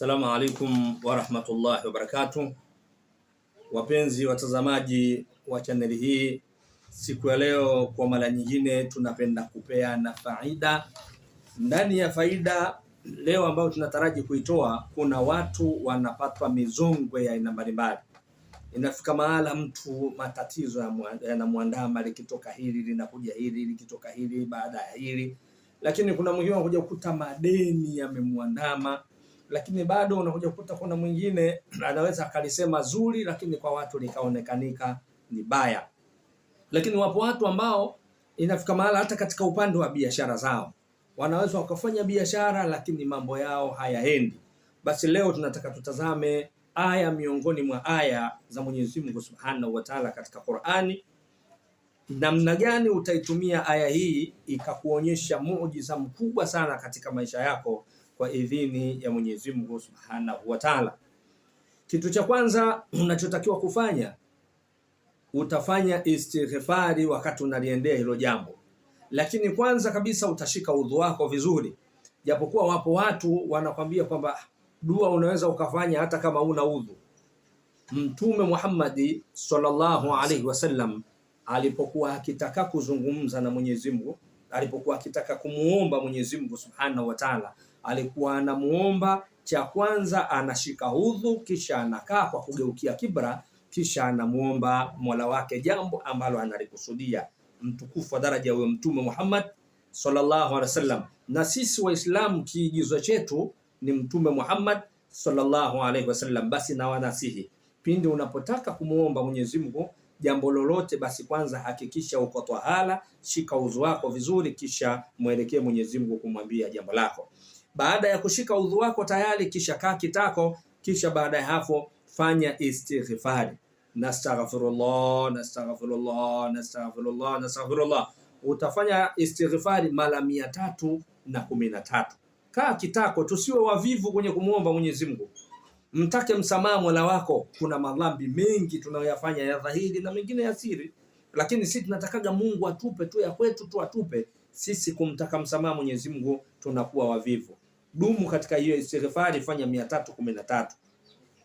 Assalamu alaikum warahmatullahi wabarakatu wapenzi watazamaji wa chaneli hii, siku ya leo kwa mara nyingine tunapenda kupeana faida. Ndani ya faida leo ambayo tunataraji kuitoa, kuna watu wanapatwa mizongwe ya aina mbalimbali. Inafika mahala mtu matatizo yanamwandama, likitoka hili linakuja hili, likitoka hili baada ya hili, lakini kuna mwingine anakuja kukuta madeni yamemwandama lakini bado unakuja kukuta kuna mwingine anaweza akalisema zuri, lakini kwa watu likaonekanika ni baya. Lakini wapo watu ambao inafika mahala hata katika upande wa biashara zao wanaweza wakafanya biashara, lakini mambo yao hayaendi. Basi leo tunataka tutazame aya miongoni mwa aya za Mwenyezi Mungu Subhanahu wa Ta'ala katika Qur'ani, namna gani utaitumia aya hii ikakuonyesha muujiza mkubwa sana katika maisha yako kwa idhini ya Mwenyezi Mungu Subhanahu wa Ta'ala. Kitu cha kwanza unachotakiwa kufanya, utafanya istighfari wakati unaliendea hilo jambo, lakini kwanza kabisa utashika udhu wako vizuri, japokuwa wapo watu wanakwambia kwamba ah, dua unaweza ukafanya hata kama una udhu. Mtume Muhammad sallallahu alaihi wasallam alipokuwa akitaka kuzungumza na Mwenyezi Mungu, alipokuwa akitaka kumuomba Mwenyezi Mungu Subhanahu wa Ta'ala alikuwa anamuomba, cha kwanza anashika udhu, kisha anakaa kwa kugeukia kibra, kisha anamuomba mola wake jambo ambalo analikusudia. Mtukufu wa daraja huyo Mtume Muhammad sallallahu alaihi wasallam. Na sisi Waislamu kiigizo chetu ni Mtume Muhammad sallallahu alaihi wasallam. Basi nawanasihi pindi unapotaka kumwomba Mwenyezi Mungu jambo lolote, basi kwanza hakikisha uko twahala, shika udhu wako vizuri, kisha mwelekee Mwenyezi Mungu kumwambia jambo lako. Baada ya kushika udhu wako tayari, kisha kaa kitako, kisha baada ya hapo fanya istighfari, nastaghfirullah, nastaghfirullah, nastaghfirullah, nastaghfirullah. Utafanya istighfari mara mia tatu na kumi na tatu. Kaa kitako, tusiwe wavivu kwenye kumwomba Mwenyezi Mungu mtake msamaha Mola wako. Kuna madhambi mengi tunayoyafanya ya dhahiri na mengine ya siri, lakini sisi tunatakaga Mungu atupe tu ya kwetu tu, atupe sisi. Kumtaka msamaha Mwenyezi Mungu tunakuwa wavivu. Dumu katika hiyo istighfari, fanya mia tatu kumi na tatu.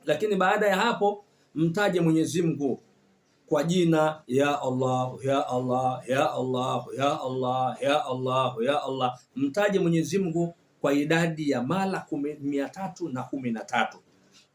Lakini baada ya hapo mtaje Mwenyezi Mungu kwa jina ya Allah ya Allah ya Allah ya Allah ya Allah ya Allah, mtaje Mwenyezi Mungu kwa idadi ya mara mia tatu na kumi na tatu.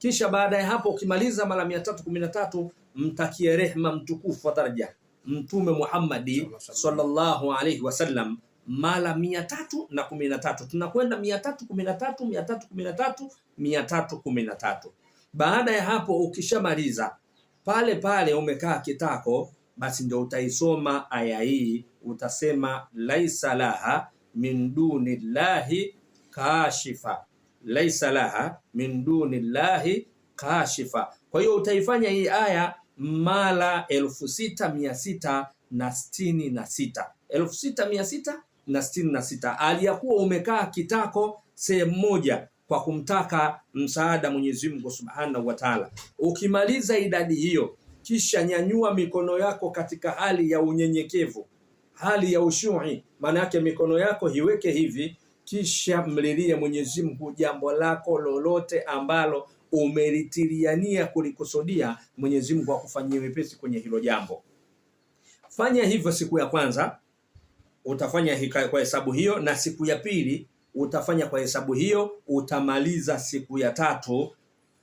Kisha baada ya hapo ukimaliza mara mia tatu kumi na tatu mtakie rehma mtukufu wa daraja Mtume Muhammadi sallallahu alaihi wasallam mara mia tatu na kumi na tatu tunakwenda mia tatu kumi na tatu mia tatu kumi na tatu mia tatu kumi na tatu Baada ya hapo ukishamaliza pale pale umekaa kitako, basi ndio utaisoma aya hii, utasema laisa laha min duni llahi kashifa laisa laha min duni llahi kashifa. Kwa hiyo utaifanya hii aya mara elfu sita mia sita na sitini na sita elfu sita mia sita na sitini na sita aliyakuwa umekaa kitako sehemu moja kwa kumtaka msaada Mwenyezi Mungu Subhanahu wa Ta'ala. Ukimaliza idadi hiyo, kisha nyanyua mikono yako katika hali ya unyenyekevu, hali ya ushui, maana yake mikono yako hiweke hivi kisha mlilie Mwenyezi Mungu jambo lako lolote ambalo umelitiliania kulikusudia, Mwenyezi Mungu akufanyie wepesi kwenye hilo jambo. Fanya hivyo siku ya kwanza utafanya hika kwa hesabu hiyo, na siku ya pili utafanya kwa hesabu hiyo, utamaliza siku ya tatu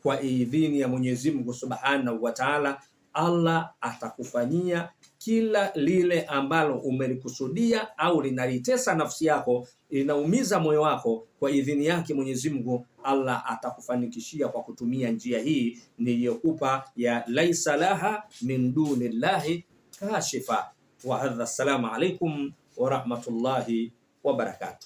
kwa idhini ya Mwenyezi Mungu Subhanahu wa Ta'ala Allah atakufanyia kila lile ambalo umelikusudia au linalitesa nafsi yako, linaumiza moyo wako, kwa idhini yake Mwenyezi Mungu Allah atakufanikishia kwa kutumia njia hii niliyokupa ya laisa laha min dunillahi kashifa. Wa hadha, assalamu alaikum wa rahmatullahi wa barakatuh.